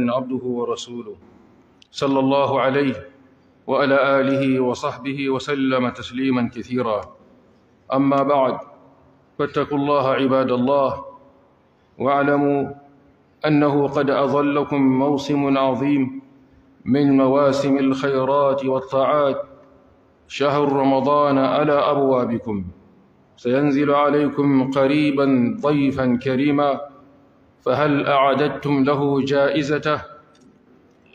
عبده ورسوله صلى الله عليه وعلى آله وصحبه وسلم تسليما كثيرا أما بعد فاتقوا الله عباد الله واعلموا أنه قد أظلكم موسم عظيم من مواسم الخيرات والطاعات شهر رمضان على أبوابكم سينزل عليكم قريبا ضيفا كريما فهل أعددتم له جائزته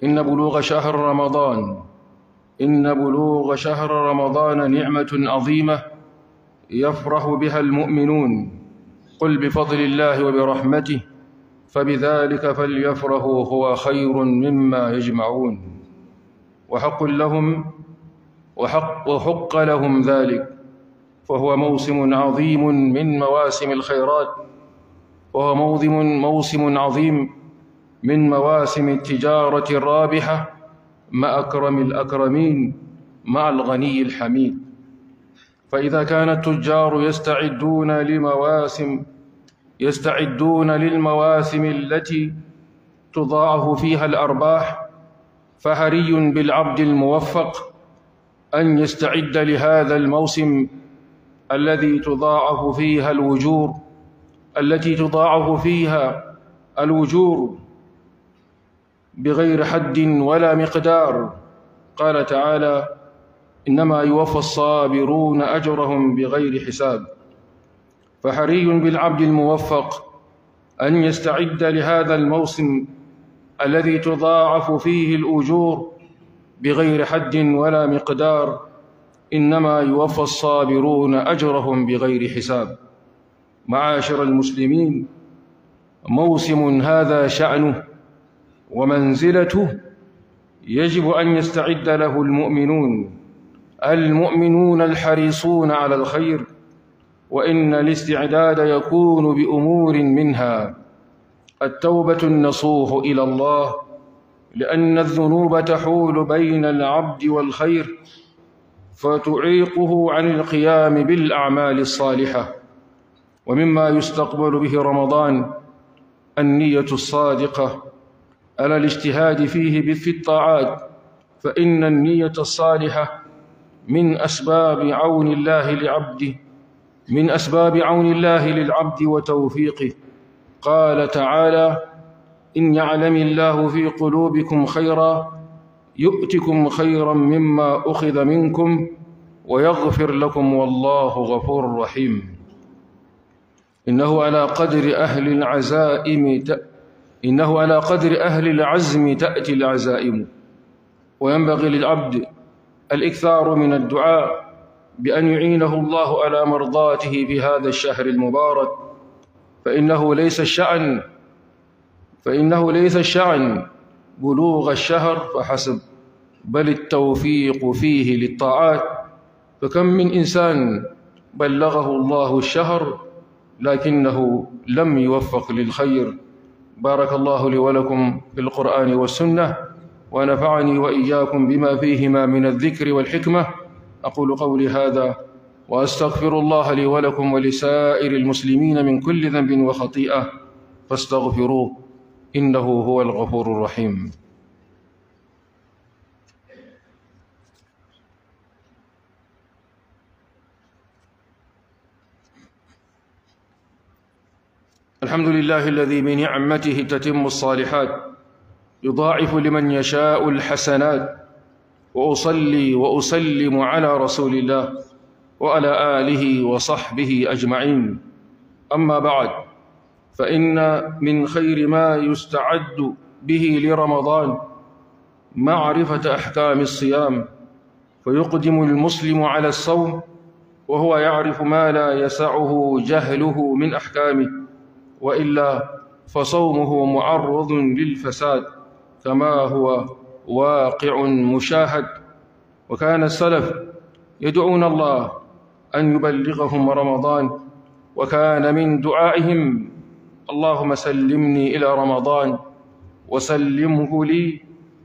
إن بلوغ شهر رمضان إن بلوغ شهر رمضان نعمة عظيمة يفرح بها المؤمنون قل بفضل الله وبرحمته فبذلك فليفرحوا هو خير مما يجمعون وحق لهم وحق, وحق لهم ذلك فهو موسم عظيم من مواسم الخيرات وهو موسم عظيم من مواسم التجارة الرابحة مع أكرم الأكرمين مع الغني الحميد فإذا كان التجار يستعدون لمواسم يستعدون للمواسم التي تضاعف فيها الأرباح فهري بالعبد الموفق أن يستعد لهذا الموسم الذي تضاعف فيها الوجور التي تضاعف فيها الوجور بغير حد ولا مقدار قال تعالى انما يوفى الصابرون اجرهم بغير حساب فحري بالعبد الموفق ان يستعد لهذا الموسم الذي تضاعف فيه الاجور بغير حد ولا مقدار انما يوفى الصابرون اجرهم بغير حساب معاشر المسلمين موسم هذا شأنه ومنزلته يجب أن يستعد له المؤمنون المؤمنون الحريصون على الخير وإن الاستعداد يكون بأمور منها التوبة النصوح إلى الله لأن الذنوب تحول بين العبد والخير فتعيقه عن القيام بالأعمال الصالحة ومما يستقبل به رمضان النية الصادقة على الاجتهاد فيه في الطاعات فإن النية الصالحة من أسباب عون الله لعبده من أسباب عون الله للعبد وتوفيقه قال تعالى إن يعلم الله في قلوبكم خيرا يؤتكم خيرا مما أخذ منكم ويغفر لكم والله غفور رحيم إنه على قدر أهل العزائم ت... إنه على قدر أهل العزم تأتي العزائم وينبغي للعبد الإكثار من الدعاء بأن يعينه الله على مرضاته في هذا الشهر المبارك فإنه ليس الشأن فإنه ليس الشأن بلوغ الشهر فحسب بل التوفيق فيه للطاعات فكم من إنسان بلغه الله الشهر لكنه لم يوفق للخير بارك الله لي ولكم في القرآن والسنة ونفعني وإياكم بما فيهما من الذكر والحكمة أقول قولي هذا وأستغفر الله لي ولكم ولسائر المسلمين من كل ذنب وخطيئة فاستغفروه إنه هو الغفور الرحيم الحمد لله الذي بنعمته تتم الصالحات يضاعف لمن يشاء الحسنات واصلي واسلم على رسول الله وعلى اله وصحبه اجمعين اما بعد فان من خير ما يستعد به لرمضان معرفه احكام الصيام فيقدم المسلم على الصوم وهو يعرف ما لا يسعه جهله من احكامه وإلا فصومه معرض للفساد كما هو واقع مشاهد وكان السلف يدعون الله أن يبلغهم رمضان وكان من دعائهم اللهم سلمني إلى رمضان وسلمه لي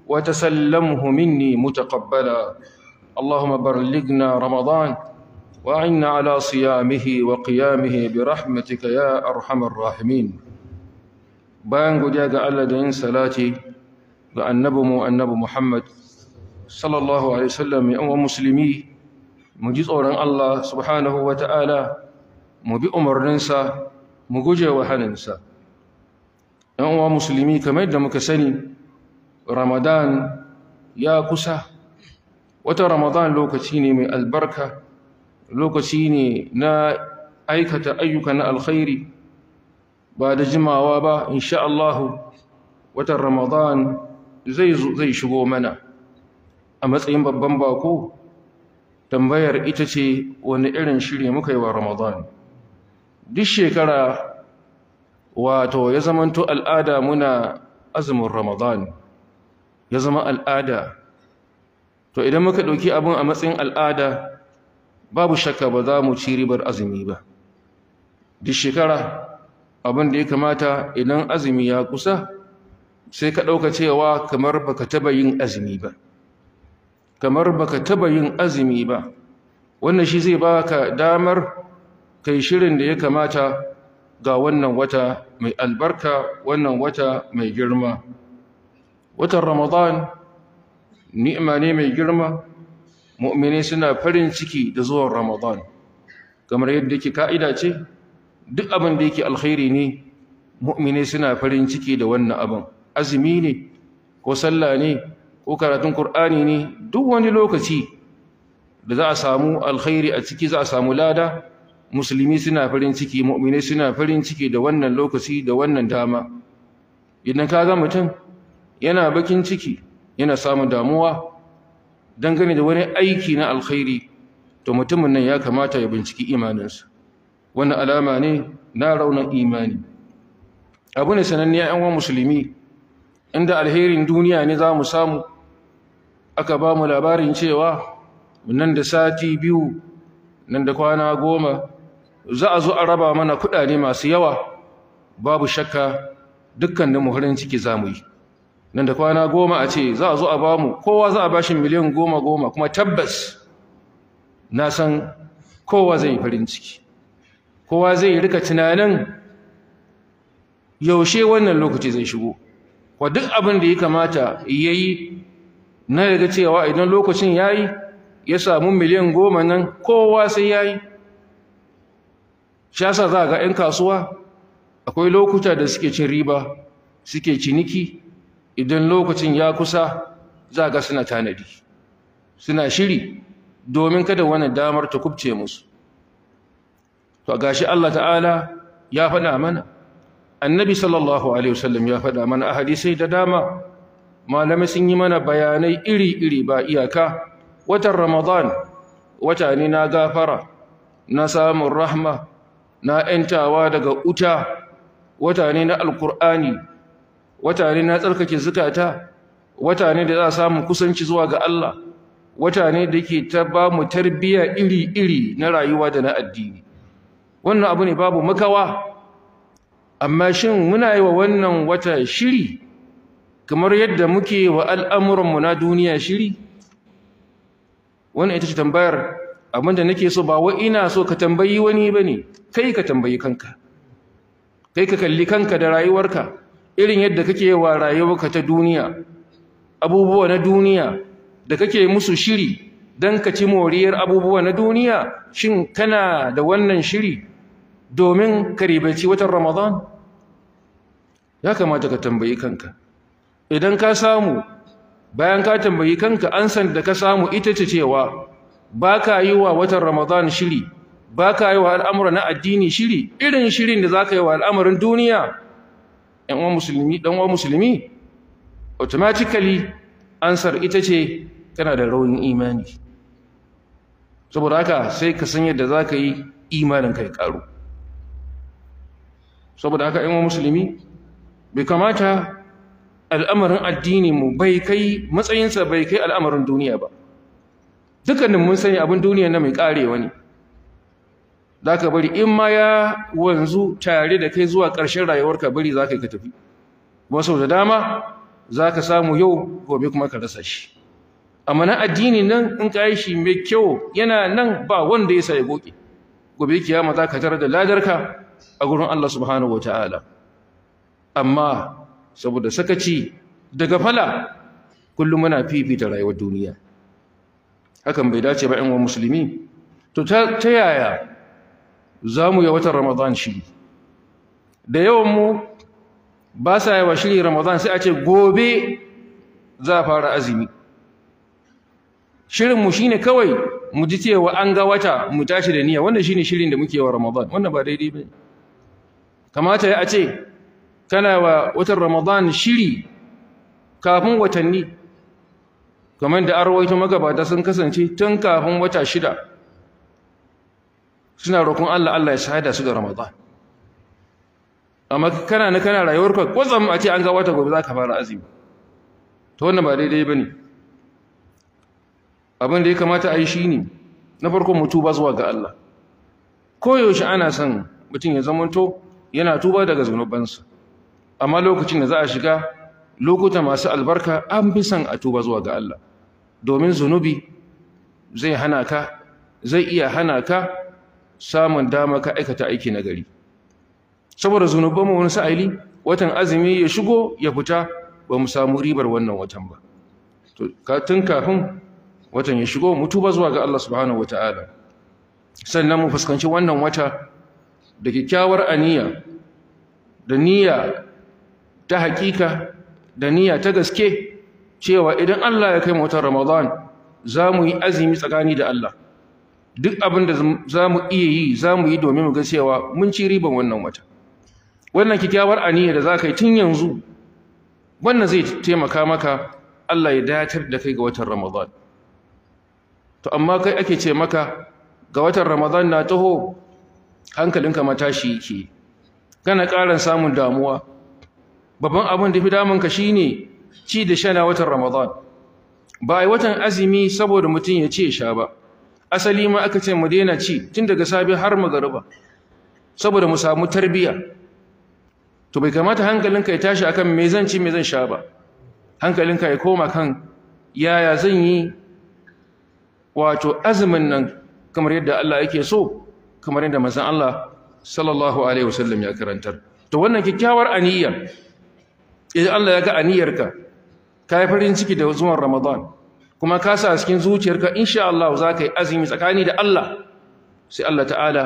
وتسلمه مني متقبلا اللهم بلغنا رمضان وأعنا على صيامه وقيامه برحمتك يا أرحم الراحمين bayan godiya ga Allah da yin salati ga annabinmu annabi Muhammad sallallahu alaihi wasallam ya uwan musulmi mu ji tsoron Allah subhanahu wata'ala mu bi umarninsa mu guje wa haninsa ɗan uwa musulmi kamar yadda muka sani Ramadan ya kusa wata Ramadan lokaci ne mai albarka lokaci ne na aikata ayyuka na alkhairi ba da jimawa ba insha Allah watan Ramadan zai zai shigo mana a matsayin babban bako tambayar ita ce wani irin shiri muka yi wa Ramadan duk shekara wato ya zamanto al'ada muna azumin Ramadan ya zama al'ada to idan muka ɗauki abun a matsayin al'ada babu shakka ba za mu ci ribar azumi ba duk shekara abin da ya kamata idan azumi ya kusa sai ka ɗauka cewa kamar baka taba yin azumi ba kamar baka taba yin azumi ba wannan shi zai ba ka damar kai shirin da ya kamata ga wannan wata mai albarka wannan wata mai girma watan ramadan ni'ima ne mai girma mu'mini suna farin ciki da zuwan ramadan kamar yadda ke ka'ida ce duk abin da yake alkhairi ne mu'mini suna farin ciki da wannan abin azumi ne ko sallah ne ko karatun qur'ani ne duk wani lokaci da za a samu alkhairi a ciki za a samu lada musulmi suna farin ciki mu'mini suna farin ciki da wannan lokaci da wannan dama idan ka ga mutum yana bakin ciki yana samun damuwa dangane da wani aiki na alkhairi to mutumin nan ya kamata ya binciki imaninsa wani alama ne na raunin imani abu ne sananniya yan wa musulmi inda alherin duniya ne za mu samu aka ba mu labarin cewa nan da sati biyu nan da kwana goma za a zo a raba mana kuɗaɗe masu yawa babu shakka dukkan da muhurin ciki za mu yi nan da kwana goma a ce za a zo a ba mu kowa za a ba shi miliyan goma goma kuma tabbas na san kowa zai yi farin ciki kowa zai yi rika tunanin yaushe wannan lokaci zai shigo kwa duk abin da ya kamata ya yi na yaga cewa idan lokacin ya yi ya samu miliyan goma nan kowa sai ya yi shasa za a ga 'yan kasuwa akwai lokuta da suke cin riba suke ciniki idan lokacin ya kusa za ga suna tanadi suna shiri domin kada wani damar ta kubce musu to gashi Allah ta'ala ya faɗa mana annabi sallallahu alaihi wasallam ya faɗa mana a hadisai da dama malamai sun yi mana bayanai iri-iri ba iyaka watan ramadan wata ne na gafara na samun rahma na ‘yantawa daga uta wata ne na alkur'ani wata ne na tsarkake zukata wata ne da za a samu kusanci zuwa ga Allah wata ne da ke ta ba mu tarbiyya iri-iri na rayuwa da na addini wannan abu ne babu makawa amma shin muna yi wa wannan wata shiri kamar yadda muke wa al'amuranmu na duniya shiri wannan ita ce tambayar abinda nake so ba wa ina so ka tambayi wani ba ne kai ka tambayi kanka kai ka kalli kanka da rayuwarka irin yadda kake wa rayuwarka ta duniya abubuwa na duniya da kake musu shiri don ka ci moriyar abubuwa na duniya shin kana da wannan shiri domin ka watan ramadan ya kamata ka tambayi kanka idan ka samu bayan ka tambayi kanka an san da ka samu ita ce cewa ba ka yi wa watan ramadan shiri ba ka yi wa al'amura na addini shiri irin shirin da za ka yi wa al'amarin duniya yan musulmi dan musulmi automatically ansar ita ce tana da raunin imani saboda haka sai ka san yadda za ka yi imanin kai karu saboda haka yan musulmi bai kamata al'amarin addini mu bai kai matsayinsa bai kai al'amarin duniya ba dukkanin mun sani abin duniya na mai karewa ne za ka bari in ma ya wanzu tare da kai zuwa ƙarshen rayuwarka bari za ka yi ka tafi wasu da dama za ka samu yau gobe kuma ka rasa shi amma na addini nan in ka shi mai kyau yana nan ba wanda ya sai goke Gobe gobe kiyama za ka tarar da ladarka a gurin Allah subhanahu wa ta'ala amma saboda sakaci daga fala kullum muna fifita rayuwar duniya hakan bai dace ba 'yan wa musulmi to ta yaya za mu yi watan ramadan shiri da yawan mu ba sa yawa shiri ramadan sai a ce gobe za a fara azumi shirinmu shi ne kawai mu ji cewa an ga wata mu tashi da niyya wannan shi ne shirin da muke wa ramadan wannan ba daidai ba kamata ya ce kana wa watan ramadan shiri kafin watanni kamar da arwaito magabata sun kasance tun kafin wata shida suna roƙon Allah Allah ya shahada su ga Ramadan amma kana na kana rayuwar ka kwatsam a ce an ga wata gobe za ka fara azumi to wannan ba daidai bane abin da ya kamata a yi shi ne na farko mu tuba zuwa ga Allah koyaushe ana son mutum ya zamanto yana tuba daga zunubansa amma lokacin da za a shiga lokuta masu albarka an fi son a tuba zuwa ga Allah domin zunubi zai hana ka zai iya hana ka samun dama ka aikata aiki na gari saboda zunubanmu wani sa'ili watan azumi ya shigo ya fita ba mu samu ribar wannan watan ba tun kafin watan ya shigo mutu ba zuwa ga Allah subhanahu wata'ala sannan mu fuskanci wannan wata da kyakkyawar aniya da niyya ta hakika da niyya ta gaske cewa idan Allah ya kai mu watan Ramadan za mu yi azumi tsakani da Allah duk abin da za mu iya yi za mu yi domin mu ga cewa mun ci riban wannan wata wannan kyakkyawar aniyar da za ka yi tun yanzu wannan zai taimaka maka Allah ya datar da kai ga watan Ramadan to amma kai ake ce maka ga watan Ramadan na taho hankalinka matashi yake kana karan samun damuwa babban abin da fi damunka ne ci da shana watan Ramadan ba a yi watan azumi saboda mutum ya ce sha ba asali ma aka ce mu daina ci tun daga safe har magariba saboda mu samu tarbiya to bai kamata hankalinka ya tashi akan me zan ci me zan sha ba hankalinka ya koma kan yaya zan yi wato azumin nan kamar yadda Allah yake so kamar yadda manzon Allah sallallahu alaihi wasallam ya karantar to wannan kikkiawar aniyya idan Allah ya ga aniyarka kai farin ciki da zuwan Ramadan kuma ka sa cikin zuciyarka insha Allah za ka yi azumi tsakani da Allah sai Allah ta'ala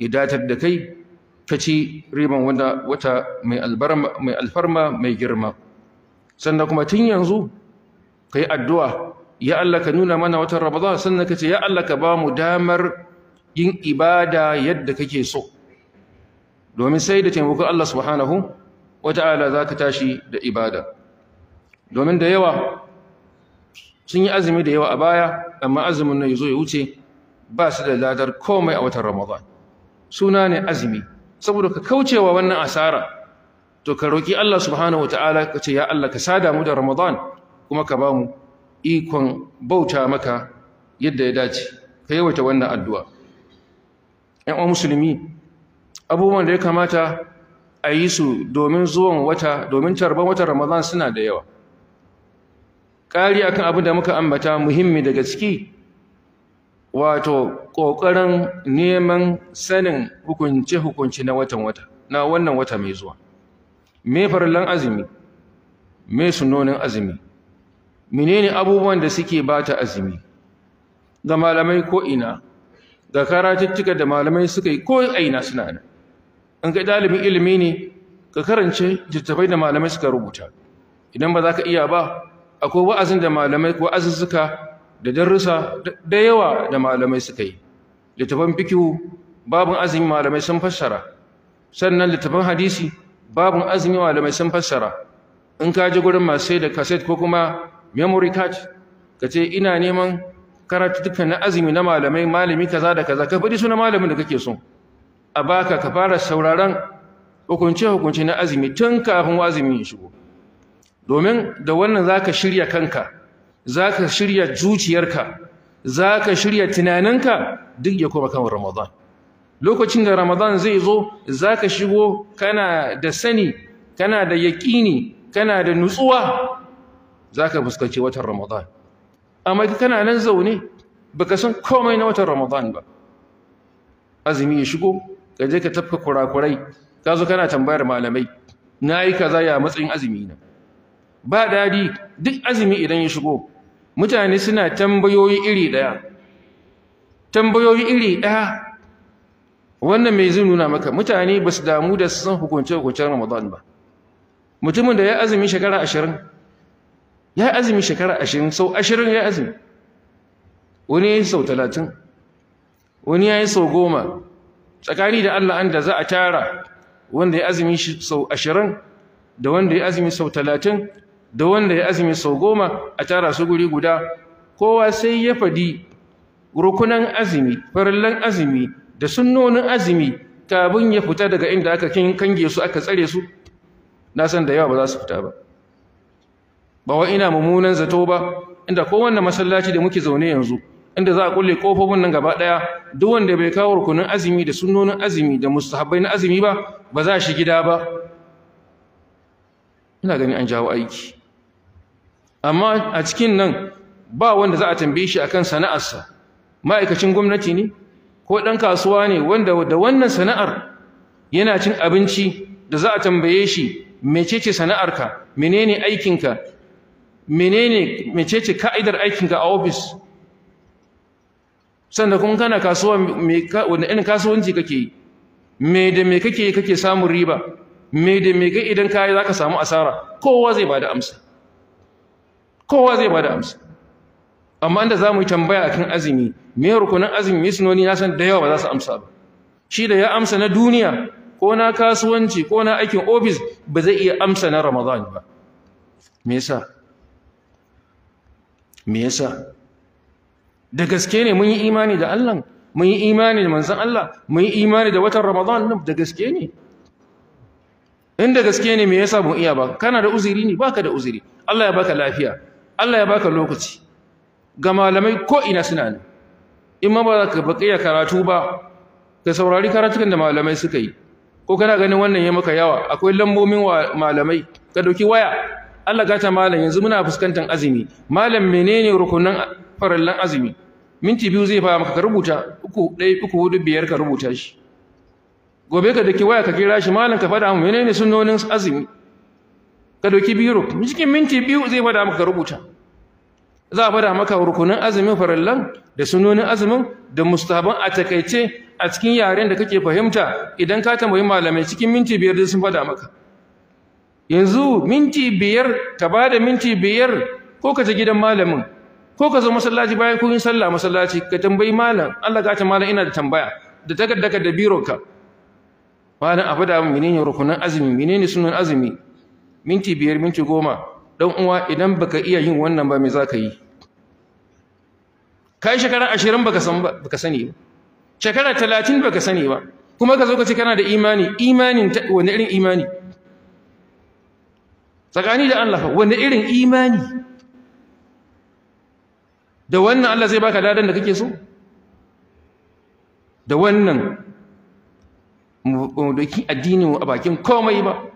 ya datar da kai ka ci riban wanda wata mai alfarma mai girma sannan kuma tun yanzu ka yi addu'a ya Allah ka nuna mana watan Ramadan sannan ka ce ya Allah ka ba mu damar yin ibada yadda kake so domin sai da taimakon Allah subhanahu wata'ala za ka tashi da ibada domin da yawa sun yi azumi da yawa a baya amma azumin nan yazo ya wuce ba su da ladar komai a watan Ramadan suna ne azumi saboda ka kaucewa wannan asara to ka roki Allah subhanahu wataala ka ce ya Allah ka sada mu da Ramadan kuma ka ba mu ikon bauta maka yadda ya dace ka yawaita wannan addu'a ‘yan uwa musulmi abubuwan da ya kamata a yi su domin zuwan wata domin tarban watan ramadan suna da yawa ƙari akan abin da muka ambata muhimmi daga ciki wato ƙoƙarin neman sanin hukunce-hukunce na watan wata na wannan wata mai zuwa me farlan azumi me sunonin azumi menene abubuwan da suke bata azumi ga malamai ko ina ga karatuttuka da malamai suka yi ko aina suna nan in ga ɗalibin ilimi ne ka karance littattafai da malamai suka rubuta idan ba za ka iya ba akwai wa'azin da malamai ko azuzzuka da darussa da yawa da malamai suka yi littafin fikihu babu azumi malamai sun fassara sannan littafin hadisi babu azumi malamai sun fassara in ka ji gurin masu sai da cassette ko kuma memory card ka ce ina neman karatu dukkan na azumi na malamai malami kaza da kaza ka faɗi suna malamin da kake so a baka ka fara sauraron hukunce hukunce na azumi tun kafin azumi ya shigo domin da wannan zaka shirya kanka zaka shirya zuciyarka zaka shirya tunaninka duk ya koma kan Ramadan lokacin da Ramadan zai zo zaka shigo kana da sani kana da yaƙini kana da nutsuwa ka fuskanci watan Ramadan amma kana nan zaune baka san komai na watan Ramadan ba azumi ya shigo ka je ka tafka kurakurai ka zo kana tambayar malamai na yi kaza ya matsayin azumi na ba dadi duk azumi idan ya shigo mutane suna tambayoyi iri daya tambayoyi iri daya wannan mai zai nuna maka mutane ba su damu da san hukunce-hukuncen ramadan ba mutumin da ya azumi shekara ashirin ya azumi shekara ashirin sau ashirin ya azumi wani ya yi sau talatin wani ya yi sau goma tsakani da allah an da za a tara wanda ya azumi sau ashirin da wanda ya azumi sau talatin da wanda ya azumi sau goma a tara su guri guda kowa sai ya fadi rukunan azumi farallan azumi da sunnonin azumi tabin ya fita daga inda aka kange su aka tsare su na san da yawa ba za su fita ba ba wa ina mummunan zato ba inda kowanne masallaci da muke zaune yanzu inda za a kulle kofofin nan gaba daya duk wanda bai kawo rukunin azumi da sunnonin azumi da mustahabbai na azumi ba ba za shi gida ba ina ganin an jawo aiki amma a cikin nan ba wanda za a tambaye shi akan sana'arsa ma'aikacin gwamnati ne ko ɗan kasuwa ne wanda da wannan sana'ar yana cin abinci da za a tambaye shi mecece sana'arka menene aikinka menene mecece ka'idar aikinka a ofis Sanda kuma kana kasuwa wanda irin kasuwanci kake yi me da me kake kake samun riba me da me kai idan kayi zaka samu asara kowa zai ba da amsa kowa zai bada amsa amma inda zamu yi tambaya akan azumi me rukunin azumi me sunoni na san da yawa ba za su amsa ba shi da ya amsa na duniya ko na kasuwanci ko na aikin office ba zai iya amsa na Ramadan ba me yasa me yasa da gaske ne mun yi imani da Allah mun yi imani da manzon Allah mun yi imani da watan Ramadan da gaske ne inda gaske ne me yasa mun iya ba kana da uzuri ne baka da uzuri Allah ya baka lafiya Allah ya baka lokaci ga malamai ko ina suna ne in ma ba za ka baƙiya karatu ba ka saurari karatukan da malamai suka yi ko kana ganin wannan ya maka yawa akwai lambobin malamai ka dauki waya Allah gata malam yanzu muna fuskantar azumi malam menene rukunan farallan azumi minti biyu zai fara maka ka rubuta uku ɗaya uku hudu biyar ka rubuta shi gobe ka daki waya ka kira shi malam ka faɗa mu menene sunnonin azumi ka doki biro cikin minti biyu zai bada maka rubuta za a bada maka rukunin azumin farallan da sunonin azumin da mustaban a takaice a cikin yaren da kake fahimta idan ka tambayi malamai cikin minti biyar da sun bada maka yanzu minti biyar ka bada minti biyar ko ka ta gidan malamin ko ka zo masallaci bayan kun sallah masallaci ka tambayi malam Allah ka ta malam ina da tambaya da takaddaka da ka. malam a fada min menene rukunin azumi menene sunan azumi minti biyar minti goma don uwa idan baka iya yin wannan ba me za ka yi kai shekara ashirin baka sani ba shekara talatin baka sani ba kuma ka zo ka ce kana da imani imanin wani irin imani tsakani da Allah wani irin imani da wannan Allah zai baka ladan da kake so da wannan mu doki addinin a bakin komai ba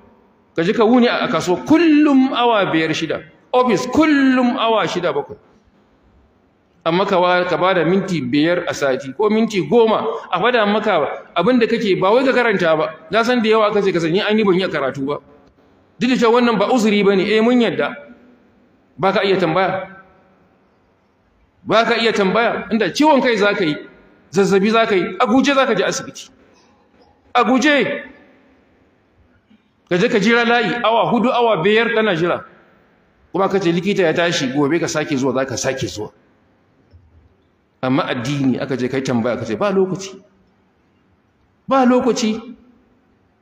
ka ka wuni a kaso kullum awa biyar shida ofis kullum awa shida bakwai amma ka ba da minti biyar a sati ko minti goma a fada maka abinda kake ba wai ka karanta ba na san da yawa aka ce ka an yi ban yi karatu ba duk da cewa wannan ba uzuri ba ne eh mun yadda ba ka iya tambaya ba ka iya tambaya inda ciwon kai za ka yi zazzabi za ka yi a guje za ka je asibiti a guje ka je ka jira layi awa hudu awa biyar kana jira kuma ka ce likita ya tashi gobe ka sake zuwa za ka sake zuwa amma addini aka je kai tambaya ka ce ba lokaci ba lokaci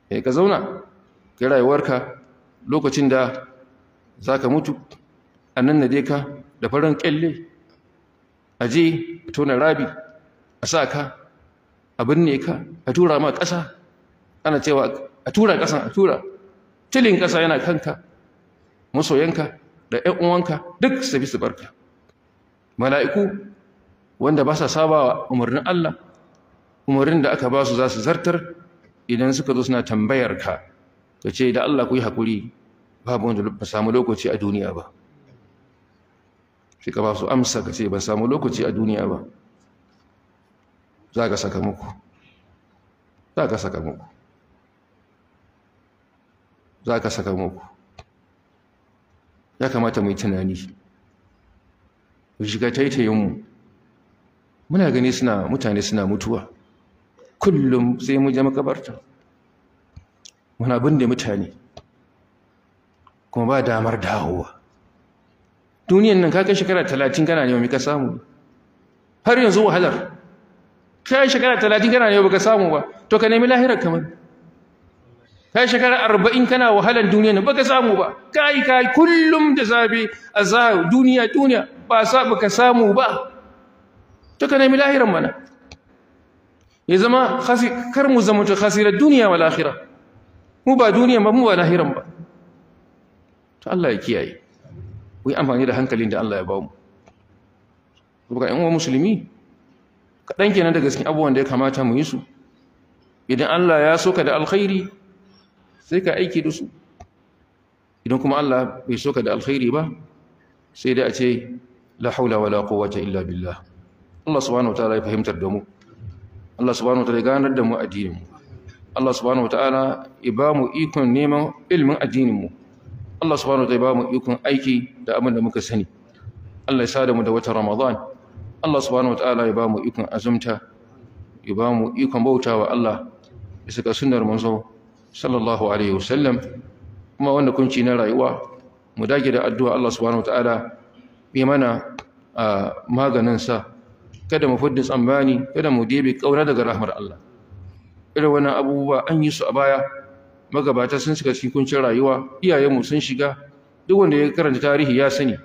eh ka zauna kai rayuwarka lokacin da za ka mutu annan na dai ka da farin kyalle a je tona rabi a sa ka a binne ka a tura ma ƙasa ana cewa a tura ƙasan a tura tilin ƙasa yana kanka masoyanka da ‘yan’uwanka uwanka duk su bi su barka mala'iku wanda ba sa saba wa umarnin Allah umarnin da aka ba su za su zartar idan suka zo suna tambayar ka ka ce da Allah ku yi haƙuri babu wanda ba samu lokaci a duniya ba shika ba su amsa ka ce ba samu lokaci a duniya ba za ka saka muku za ka saka muku za ka saka muku ya kamata mai tunani shiga taitayinmu muna gani suna mutane suna mutuwa kullum sai mu je makabarta muna binne mutane kuma ba damar dawowa duniyan nan kakai shekara talatin kana neman ka samu har yanzu wahalar kai shekara talatin kana neman ka samu ba to ka nemi lahirar kamar ta shekara arba'in kana wahalan duniya ba ka samu ba kai kai kullum da zabe azhar duniya duniya ba sa ka samu ba to kana mi lahiran mana ya zama kar mu zama ta khasirar duniya wal akhirah mu ba duniya ba mu ba lahiran ba to Allah ya kiyaye ku yi amfani da hankalin da Allah ya ba mu saboda ƴan uwa musulmi kaɗan kenan da cikin abubuwan da ya kamata mu yi su idan Allah ya so da alkhairi sai ka aiki da su idan kuma Allah bai so ka da alkhairi ba sai dai a ce la haula wala quwwata illa billah Allah subhanahu wataala ya fahimtar da mu Allah subhanahu wataala ya ganar da mu addinin mu Allah subhanahu wataala ya ba mu ikon neman ilimin addinin mu Allah subhanahu wataala ya ba mu ikon aiki da abin da muka sani Allah ya sada mu da watan Ramadan Allah subhanahu wataala ya ba mu ikon azumta ya ba mu ikon bautawa Allah bisa ga sunnar manzo sallallahu alaihi wasallam kuma wanda kunci na rayuwa mu dage da addu'a Allah subhanahu wataala bi mana maganin sa kada mu fuddi tsammani kada mu debe kauna daga rahmar Allah irin wani abubuwa an yi su a baya magabata sun shiga cikin kuncin rayuwa mu sun shiga duk wanda ya karanta tarihi ya sani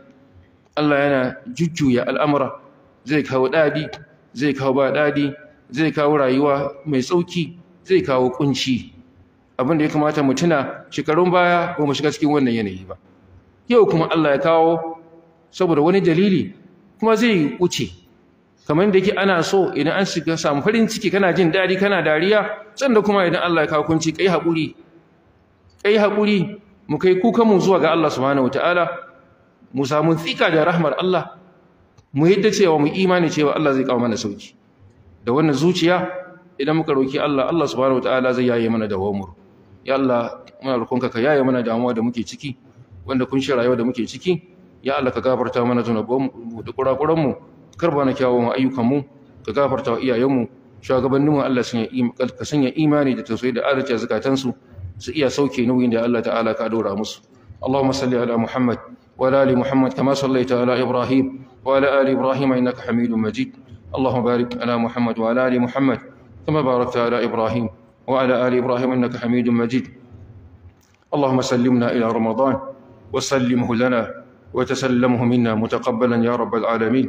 Allah yana jujjuya al'amura zai kawo dadi zai kawo ba dadi zai kawo rayuwa mai sauki zai kawo kunci abin da ya kamata mu tuna shekarun baya ba mu shiga cikin wannan yanayi ba yau kuma Allah ya kawo saboda wani dalili kuma zai wuce kamar yadda yake ana so idan an shiga samu farin ciki kana jin daɗi kana dariya da kuma idan Allah ya kawo kunci kai haƙuri kai hakuri mu kai kuka mu zuwa ga Allah subhanahu wataala mu samu tsika da rahmar Allah mu yadda cewa mu imani cewa Allah zai kawo mana sauki da wannan zuciya idan muka roki Allah Allah subhanahu wataala zai yaye mana da ya Allah muna roƙonka ka yaye mana damuwa da muke ciki wanda kun shi rayuwa da muke ciki ya Allah ka gafarta mana zunubanmu da kurakuranmu karba kar ba na kyawun ayyukanmu ka gafarta wa iyayenmu shugabannin mu Allah sanya ka sanya imani da tausayi da adalci a zakatan su su iya sauke nauyin da Allah ta'ala ka dora musu Allahumma salli ala Muhammad wa ala ali Muhammad kama sallaita ala Ibrahim wa ala ali Ibrahim innaka Hamidum Majid barik ala muhammad wa ala ali Muhammad kama barakta ala Ibrahim. وعلى آل إبراهيم إنك حميد مجيد اللهم سلمنا إلى رمضان وسلمه لنا وتسلمه منا متقبلا يا رب العالمين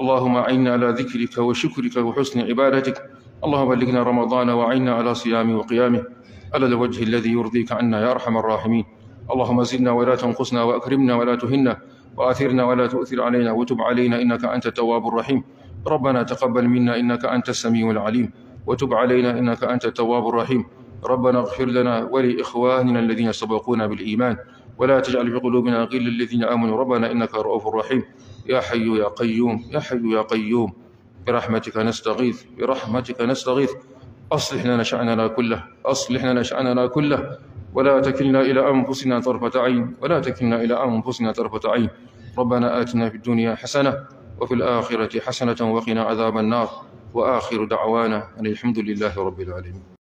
اللهم أعنا على ذكرك وشكرك وحسن عبادتك اللهم بلغنا رمضان وعنا على صيامه وقيامه على الوجه الذي يرضيك عنا يا أرحم الراحمين اللهم زدنا ولا تنقصنا وأكرمنا ولا تهنا وآثرنا ولا تؤثر علينا وتب علينا إنك أنت التواب الرحيم ربنا تقبل منا إنك أنت السميع العليم وتب علينا إنك أنت التواب الرحيم ربنا اغفر لنا ولإخواننا الذين سبقونا بالإيمان ولا تجعل في قلوبنا غل للذين آمنوا ربنا إنك رؤوف رحيم يا حي يا قيوم يا حي يا قيوم برحمتك نستغيث برحمتك نستغيث أصلح لنا شأننا كله أصلح لنا شأننا كله ولا تكلنا إلى أنفسنا طرفة عين ولا تكلنا إلى أنفسنا طرفة عين ربنا آتنا في الدنيا حسنة وفي الآخرة حسنة وقنا عذاب النار وآخر دعوانا أن الحمد لله رب العالمين